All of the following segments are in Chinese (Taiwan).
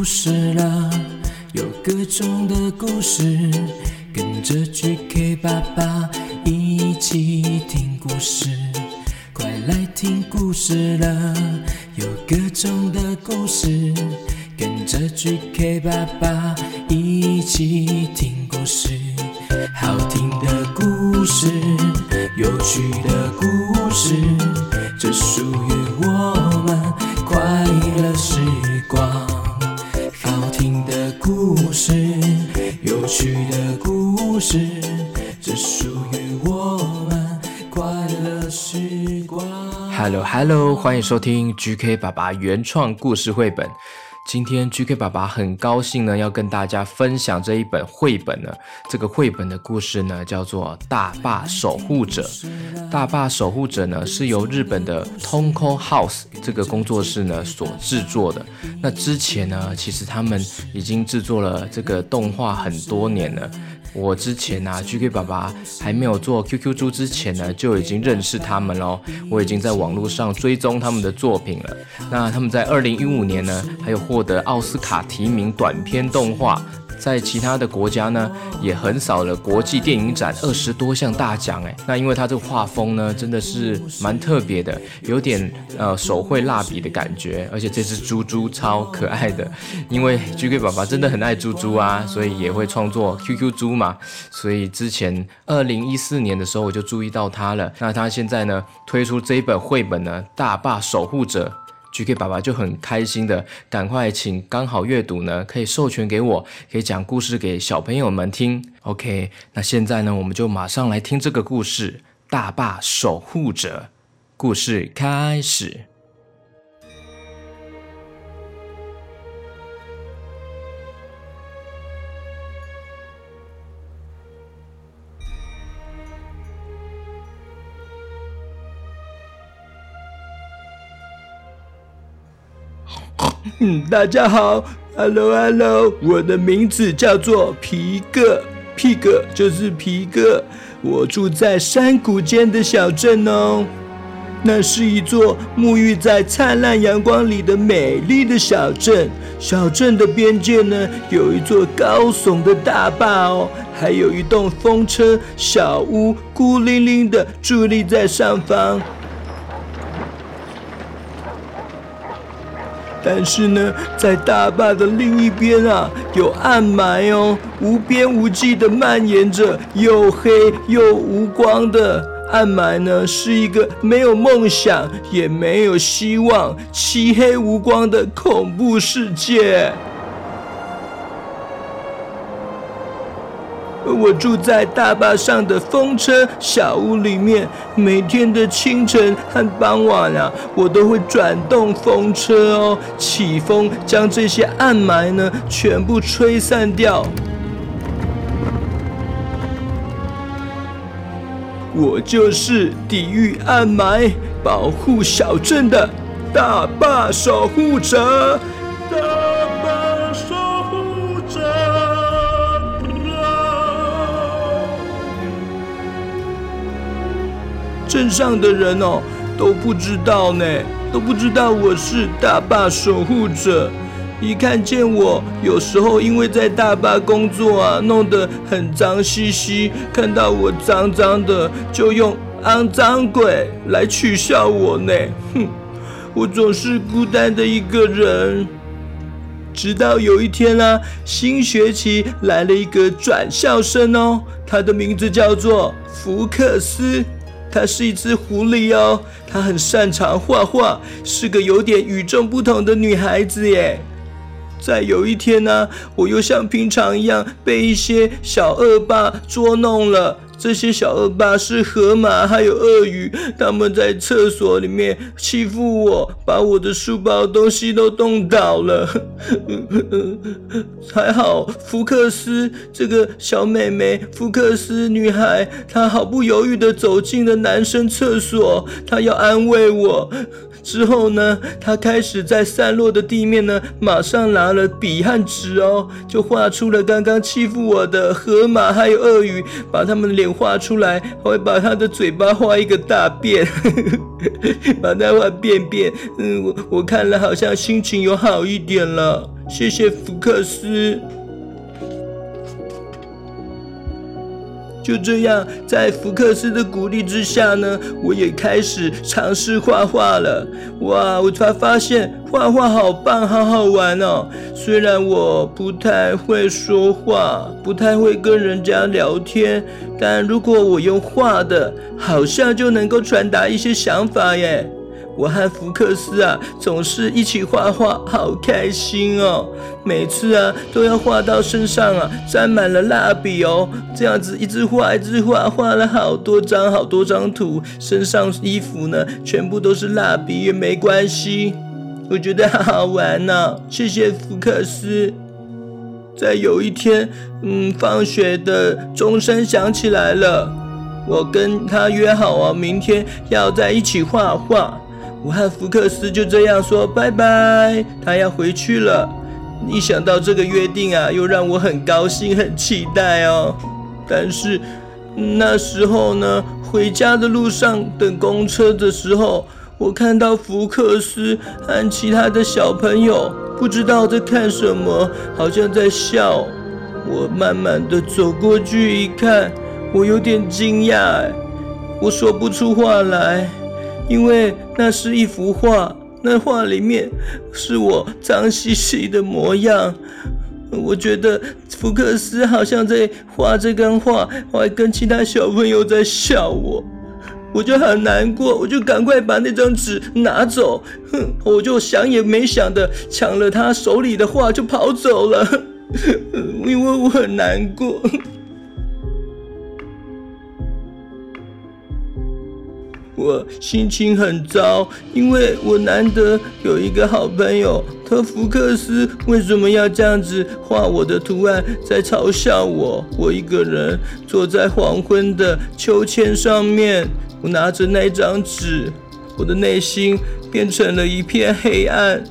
故事了，有各種的故事，跟着 GK 爸爸一起聽故事。快來聽故事了，有各種的故事，跟着 GK 爸爸一起聽故事。好聽的故事，有趣的。Hello，歡迎收聽 GK 爸爸原創故事繪本。今天 GK 爸爸很高興呢，要跟大家分享這一本繪本呢。這個繪本的故事呢，叫做《大壩守護者》。《大壩守護者》呢，是由日本的 Tonko House 這個工作室呢所制作的。那之前呢，其實他們已經制作了這個動畫很多年了。我之前呢、啊、GK 爸爸還沒有做 QQ 豬之前呢，就已經認識他們嘍。我已經在網絡上追蹤他們的作品了。那他們在二零一五年呢，還有獲得奧斯卡提名短片動畫。在其他的國家呢，也橫掃了國際電影展二十多項大獎哎、欸，那因為它這個畫風呢，真的是蠻特別的，有點呃手繪蠟筆的感覺，而且這隻豬豬超可愛的，因為 GK 爸爸真的很愛豬豬啊，所以也會創作 Q Q 豬嘛，所以之前二零一四年的時候我就注意到它了，那它現在呢推出這一本繪本呢《大壩守護者》。GK 爸爸就很開心的，趕快請剛好閱讀呢，可以授權給我，可以講故事給小朋友們聽。OK，那現在呢，我們就馬上來聽這個故事《大壩守護者》。故事開始。嗯，大家好，Hello，Hello，hello 我的名字叫做皮各，皮各就是皮各，我住在山谷間的小鎮哦，那是一座沐浴在燦爛陽光裡的美麗的小鎮，小鎮的邊界呢有一座高聳的大壩哦，還有一棟風車小屋孤零零的佇立在上方。但是呢，在大壩的另一邊啊，有暗霾哦，無邊無際地蔓延着，又黑又無光的暗霾呢，是一個沒有夢想也沒有希望、漆黑無光的恐怖世界。我住在大壩上的風車小屋裡面，每天的清晨和傍晚啊，我都會轉動風車哦，起風將這些暗霾呢全部吹散掉。我就是抵禦暗霾、保護小鎮的大壩守護者。鎮上的人哦都不知道呢，都不知道我是大壩守護者。一看見我，有時候因為在大壩工作啊，弄得很髒兮兮，看到我髒髒的，就用“骯髒鬼”來取笑我呢。哼，我總是孤單的一個人。直到有一天啦、啊，新學期來了一個轉校生哦，他的名字叫做福克斯。她是一隻狐狸哦，她很擅長畫畫，是個有點與眾不同的女孩子耶。在有一天呢、啊，我又像平常一樣被一些小惡霸捉弄了。這些小惡霸是河馬還有鱷魚，他們在廁所裡面欺負我，把我的書包東西都凍倒了。 還好芙克絲這個小妹妹，芙克絲女孩，她毫不猶豫的走進了男生廁所，她要安慰我。之後呢，他開始在散落的地面呢，馬上拿了筆和紙哦，就畫出了剛剛欺負我的河馬還有鱷魚，把他們的臉畫出來，還會把他的嘴巴畫一個大便，呵 呵把他畫便便，嗯，我我看了好像心情有好一點了，謝謝芙克絲。就這樣，在芙克絲的鼓勵之下呢，我也開始嘗試畫畫了。哇，我才發現畫畫好棒，好好玩哦！雖然我不太會說話，不太會跟人家聊天，但如果我用畫的，好像就能夠傳達一些想法耶。我和福克斯啊，總是一起畫畫，好開心哦！每次啊，都要畫到身上啊，沾滿了蠟筆哦。這樣子，一直畫一直畫，畫了好多張好多張圖，身上衣服呢，全部都是蠟筆也沒關係。我覺得好好玩呢、哦。謝謝福克斯。在有一天，嗯，放學的鐘聲響起來了，我跟他約好哦、啊，明天要在一起畫畫。我和芙克絲就這樣說拜拜，他要回去了。一想到這個約定啊，又讓我很高興、很期待哦。但是那時候呢，回家的路上等公車的時候，我看到芙克絲和其他的小朋友不知道在看什麼，好像在笑。我慢慢的走過去一看，我有點驚訝，我說不出話來。因為那是一幅畫，那畫裡面是我髒兮兮的模樣。我覺得福克斯好像在畫這張畫，還跟其他小朋友在笑我，我就很難過，我就趕快把那張紙拿走，哼，我就想也沒想的搶了他手裡的畫就跑走了，哼，因為我很難過。我心情很糟，因為我難得有一個好朋友。他芙克絲為什麼要這樣子畫我的圖案，在嘲笑我？我一個人坐在黃昏的秋千上面，我拿着那張紙，我的內心變成了一片黑暗。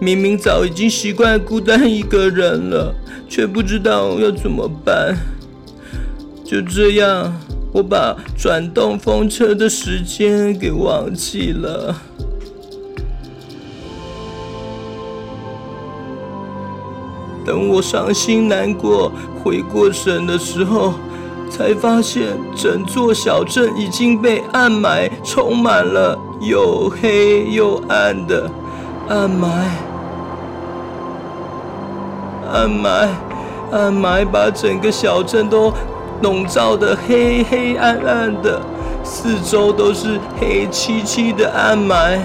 明明早已經習慣孤單一個人了，卻不知道要怎麼辦。就這樣。我把轉動風車的時間給忘記了。等我傷心難過、回過神的時候，才發現整座小鎮已經被暗霾，充滿了又黑又暗的暗霾、暗霾、暗霾，把整個小鎮都。籠罩的黑黑暗暗，的，四周都是黑漆漆的暗霾，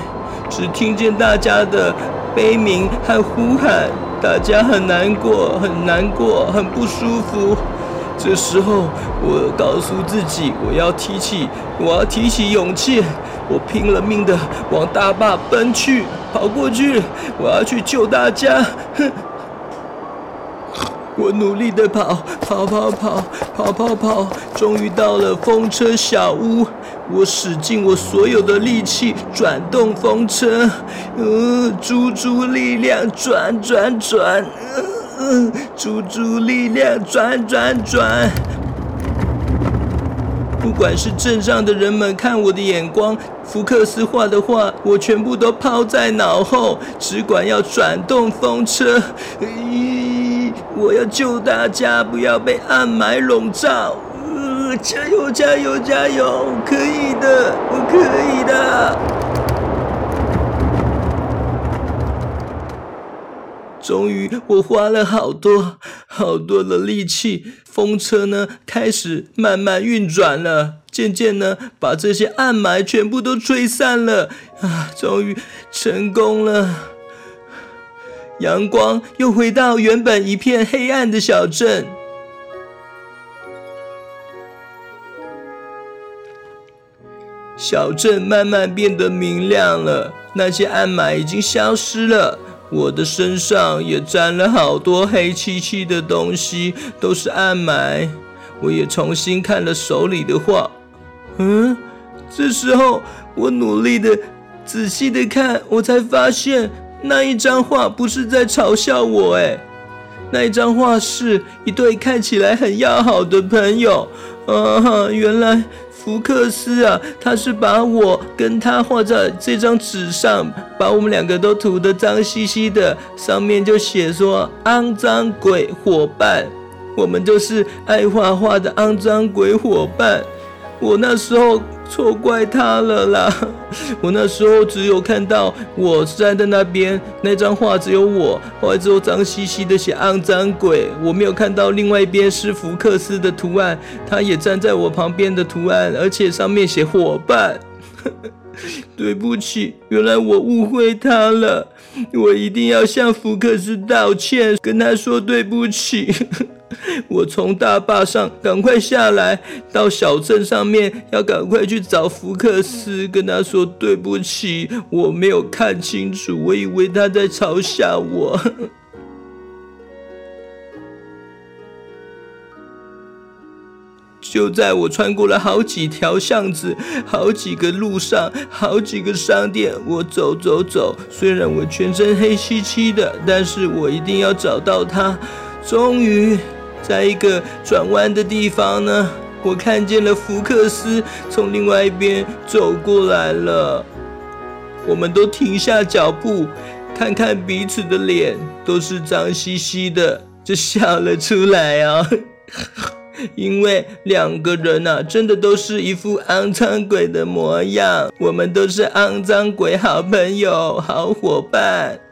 只聽見大家的悲鳴和呼喊，大家很難過，很難過，很不舒服。這時候，我告訴自己，我要提起，我要提起勇氣，我拼了命的往大壩奔去，跑過去，我要去救大家。哼。我努力的跑，跑跑跑，跑跑跑，終於到了風車小屋。我使盡我所有的力氣轉動風車，嗯、呃，豬豬力量轉轉轉，嗯、呃豬，豬，呃、豬豬力量轉轉轉。不管是鎮上的人們看我的眼光，芙克絲畫的畫，我全部都拋在腦後，只管要轉動風車。呃我要救大家，不要被暗霾籠罩！呃，加油，加油，加油！可以的，我可以的。終於，我花了好多好多的力氣，風車呢開始慢慢運轉了，漸漸呢把這些暗霾全部都吹散了啊！終於成功了。陽光又回到原本一片黑暗的小鎮，小鎮慢慢變得明亮了。那些暗霾已經消失了，我的身上也沾了好多黑漆漆的東西，都是暗霾。我也重新看了手裡的畫，嗯，這時候我努力的、仔細的看，我才發現。那一張畫不是在嘲笑我哎、欸，那一張畫是一對看起來很要好的朋友，啊，原來芙克絲啊，他是把我跟他畫在這張紙上，把我們兩個都塗得髒兮兮的，上面就寫說“骯髒鬼夥伴”，我們就是愛畫畫的骯髒鬼夥伴。我那時候錯怪他了啦！我那時候只有看到我站在那邊那張畫，只有我後來之後髒兮兮的寫骯髒鬼，我沒有看到另外一邊是福克斯的圖案，他也站在我旁邊的圖案，而且上面寫夥伴。 對不起，原來我誤會他了，我一定要向福克斯道歉，跟他說對不起。 我從大壩上趕快下來，到小鎮上面要趕快去找芙克絲，跟他說對不起，我沒有看清楚，我以為他在嘲笑我。 就在我穿過了好幾條巷子，好幾個路上，好幾個商店，我走走走，雖然我全身黑漆漆的，但是我一定要找到他。終於。在一個轉彎的地方呢，我看見了芙克絲從另外一邊走過來了。我們都停下腳步，看看彼此的臉，都是髒兮兮的，就笑了出來啊。 因為兩個人啊，真的都是一副骯髒鬼的模樣。我們都是骯髒鬼，好朋友，好夥伴。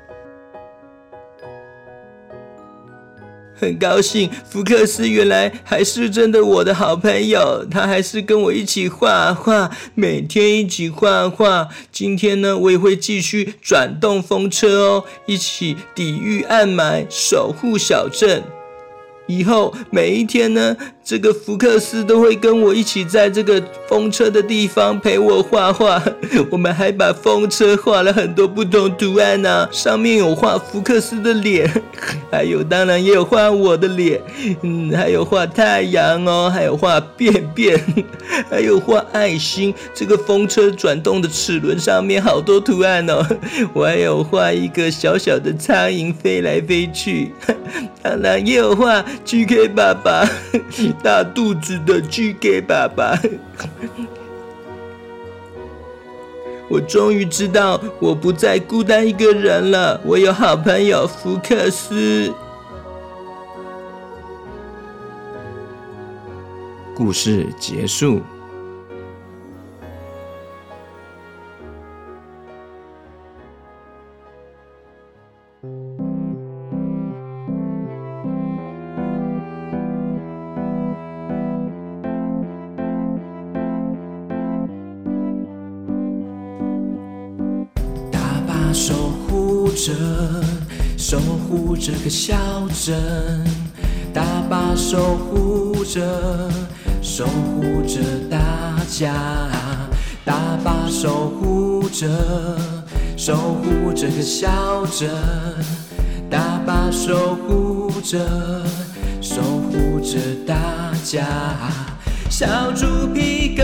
很高興，福克斯原來還是真的我的好朋友，他還是跟我一起畫畫，每天一起畫畫。今天呢，我也會繼續轉動風車哦，一起抵禦暗霾，守護小鎮。以後每一天呢。這個福克斯都會跟我一起在這個風車的地方陪我畫畫。我們還把風車畫了很多不同圖案呢、啊，上面有畫福克斯的臉，還有當然也有畫我的臉，嗯，還有畫太陽哦，還有畫便便，還有畫愛心。這個風車轉動的齒輪上面好多圖案哦，我還有畫一個小小的蒼蠅飛來飛去，當然也有畫 g k 爸爸。大肚子的 GK 爸爸。 我終於知道，我不再孤單一個人了，我有好朋友芙克絲。故事結束。着守護這個小鎮，大壩守護者守護着大家，大壩守護者守護這個小鎮，大壩守護者守護着大家，小豬皮各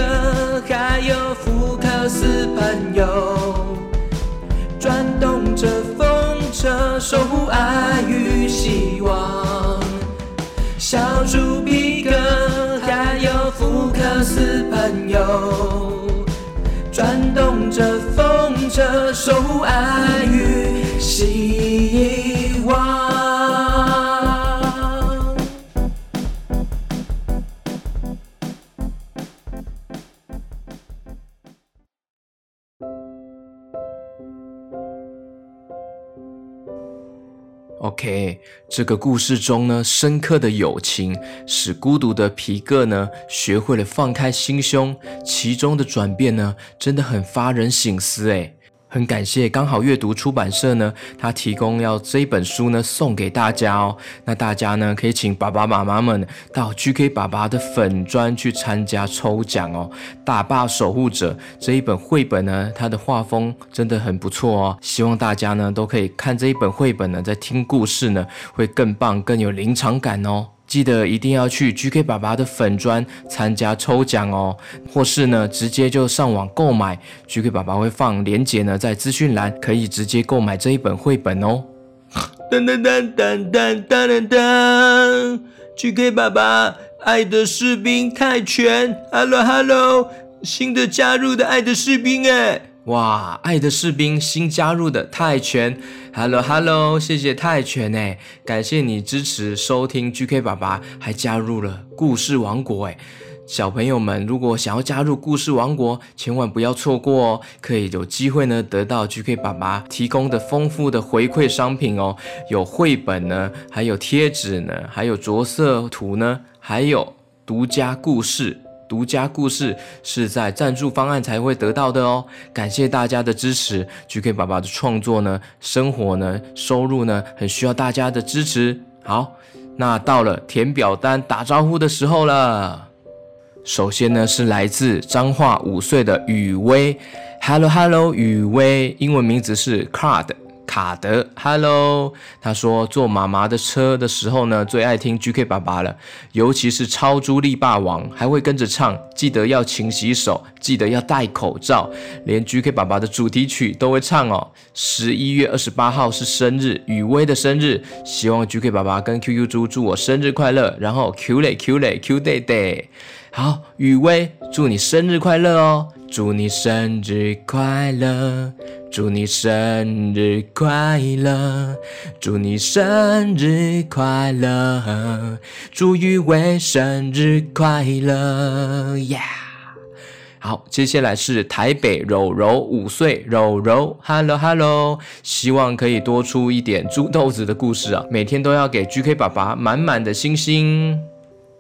還有芙克絲朋友，轉動着。守護愛與希望，小豬皮各，還有芙克絲朋友，轉動着風車，守護愛與希望。這個故事中呢，深刻的友情使孤獨的皮各呢，學會了放開心胸，其中的轉變呢，真的很發人省思誒。很感謝剛好閱讀出版社呢，他提供要這一本書呢送給大家哦。那大家呢，可以請爸爸媽媽們到 GK 爸爸的粉專去參加抽獎哦。大壩守護者這一本繪本呢，它的畫風真的很不錯哦。希望大家呢都可以看這一本繪本呢，在聽故事呢會更棒，更有臨場感哦。記得一定要去 GK 爸爸的粉專參加抽獎哦，或是呢直接就上網購買，GK 爸爸會放鏈接呢在資訊欄，可以直接購買這一本繪本哦。噔噔噔噔噔噔噔，GK 爸爸愛的士兵泰拳，Hello Hello，新的加入的愛的士兵哎。哇，愛的士兵新加入的泰拳，Hello Hello，謝謝泰拳誒，感謝你支持收聽 GK 爸爸，還加入了故事王國誒。小朋友們如果想要加入故事王國，千萬不要錯過哦，可以有機會呢得到 GK 爸爸提供的豐富的回饋商品哦，有繪本呢，還有貼紙呢，還有着色圖呢，還有獨家故事。獨家故事是在贊助方案才會得到的哦，感謝大家的支持，GK 爸爸的創作呢、生活呢、收入呢，很需要大家的支持。好，那到了填表單打招呼的時候了。首先呢，是來自彰化五歲的雨薇，Hello Hello，雨薇，英文名字是 Card。卡德，Hello，他說坐媽媽的車的時候呢，最愛聽 GK 爸爸了，尤其是超豬力霸王，還會跟着唱。記得要勤洗手，記得要戴口罩，連 GK 爸爸的主題曲都會唱哦。十一月二十八號是生日，雨薇的生日，希望 GK 爸爸跟 QQ 豬祝我生日快樂。然後 Q day Q day Q day day，好，雨薇，祝你生日快樂哦，祝你生日快樂。祝你生日快樂，祝你生日快樂，祝余威生日快樂呀！Yeah! 好，接下來是台北柔柔五歲，柔柔，Hello Hello，希望可以多出一點豬豆子的故事啊！每天都要給 GK 爸爸滿滿的星星。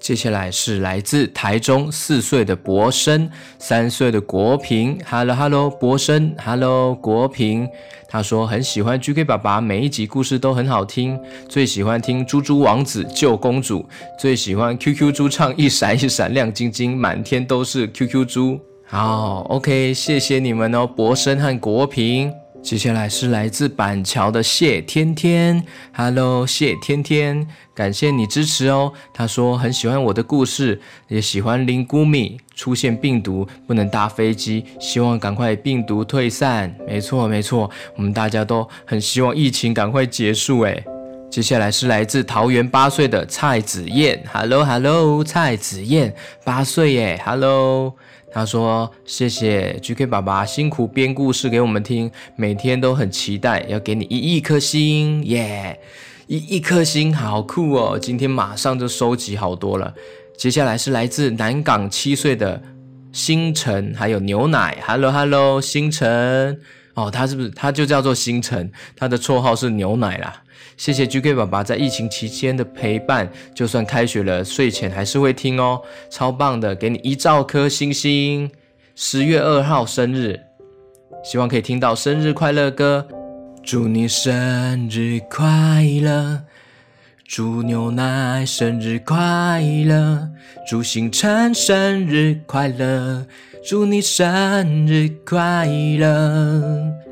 接下來是來自台中四歲的博生，三歲的國平。Hello，Hello，Hello，博生，Hello，國平。他說很喜歡 GK 爸爸，每一集故事都很好聽，最喜歡聽《豬豬王子救公主》，最喜歡 QQ 豬唱一閃一閃亮晶晶，滿天都是 QQ 豬。好，oh，OK，謝謝你們哦，博生和國平。接下來是來自板橋的謝天天，Hello，謝天天，感謝你支持哦。他說很喜歡我的故事，也喜歡林谷米出現病毒不能搭飛機，希望趕快病毒退散。沒錯沒錯，我們大家都很希望疫情趕快結束誒。接下來是來自桃園八歲的蔡子燕，Hello Hello，蔡子燕，八歲耶，Hello。他說：“謝謝 GK 爸爸辛苦編故事給我們聽，每天都很期待，要給你一億顆星耶！Yeah! 一億顆星好酷哦！今天馬上就收集好多了。接下來是來自南港七歲的星辰，還有牛奶。Hello Hello，星辰哦，他是不是？他就叫做星辰，他的綽號是牛奶啦。”謝謝 GK 爸爸在疫情期間的陪伴，就算開學了，睡前還是會聽哦，超棒的，給你一兆顆星星。十月二號生日，希望可以聽到生日快樂歌。祝你生日快樂，祝牛奶生日快樂，祝星辰生日快樂，祝你生日快樂。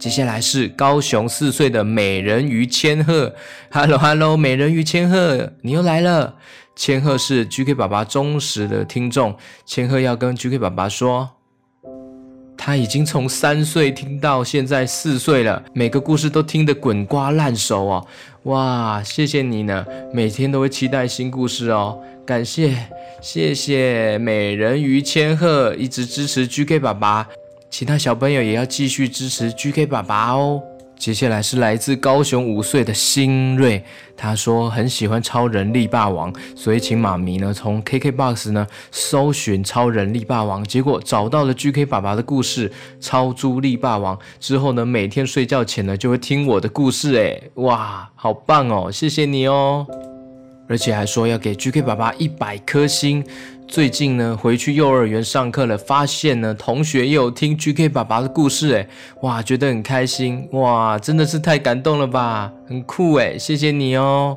接下來是高雄四歲的美人魚千鶴，Hello Hello，美人魚千鶴，你又來了。千鶴是 GK 爸爸忠實的聽眾，千鶴要跟 GK 爸爸說，他已經從三歲聽到現在四歲了，每個故事都聽得滾瓜爛熟哦。哇，謝謝你呢，每天都會期待新故事哦，感謝謝謝美人魚千鶴一直支持 GK 爸爸。其他小朋友也要繼續支持 GK 爸爸哦。接下來是來自高雄五歲的新瑞，他說很喜歡超人力霸王，所以請媽咪呢從 KKBOX 呢搜尋超人力霸王，結果找到了 GK 爸爸的故事超豬力霸王。之後呢每天睡覺前呢就會聽我的故事，誒哇，好棒哦，謝謝你哦。而且還說要給 GK 爸爸一百顆星。最近呢，回去幼兒園上課了，發現呢，同學也有聽 GK 爸爸的故事，哎，哇，覺得很開心，哇，真的是太感動了吧，很酷哎，謝謝你哦。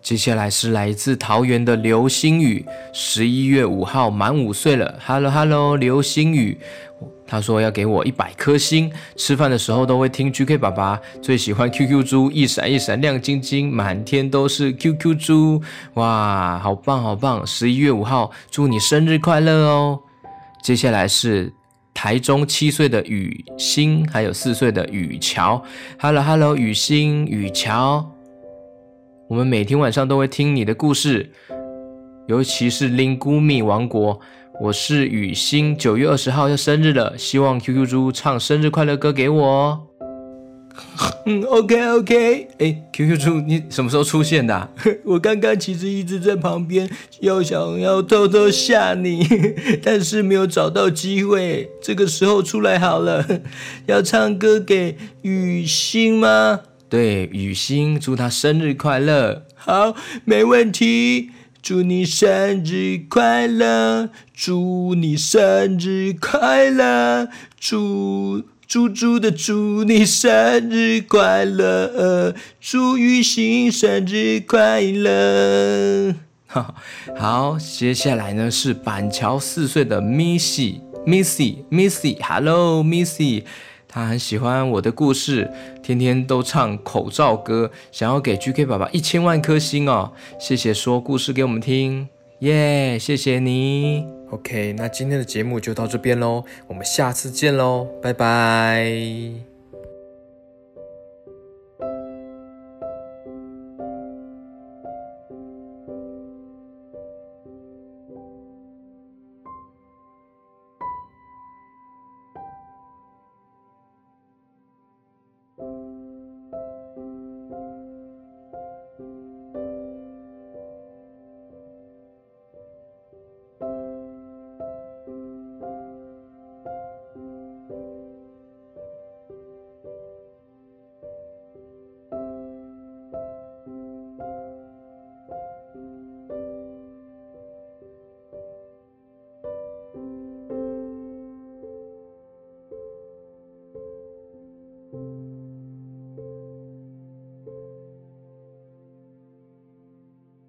接下來是來自桃園的流星雨，十一月五號滿五歲了。Hello Hello，流星雨，他說要給我一百顆星。吃飯的時候都會聽 GK 爸爸，最喜歡 QQ 豬，一閃一閃亮晶晶，滿天都是 QQ 豬。哇，好棒好棒！十一月五號，祝你生日快樂哦。接下來是台中七歲的雨欣，還有四歲的雨喬。Hello Hello，雨欣雨喬。我們每天晚上都會聽你的故事，尤其是林菇米王國。我是雨欣，九月二十號要生日了，希望 QQ 豬唱生日快樂歌給我哦。嗯，OK OK。欸。哎，QQ 豬，你什麼時候出現的啊？我剛剛其實一直在旁邊，又想要偷偷嚇你，但是沒有找到機會。這個時候出來好了，要唱歌給雨欣嗎？對，雨欣，祝她生日快樂。好，沒問題。祝你生日快樂，祝你生日快樂，祝祝祝的祝你生日快樂，呃，祝雨欣生日快樂。 好，接下來呢是板橋四歲的 Missy，Missy，Missy，Hello，Missy。他很喜歡我的故事，天天都唱口罩歌，想要給 GK 爸爸一千萬顆星哦！謝謝說故事給我們聽，耶！謝謝你。OK，那今天的節目就到這邊嘍，我們下次見嘍，拜拜。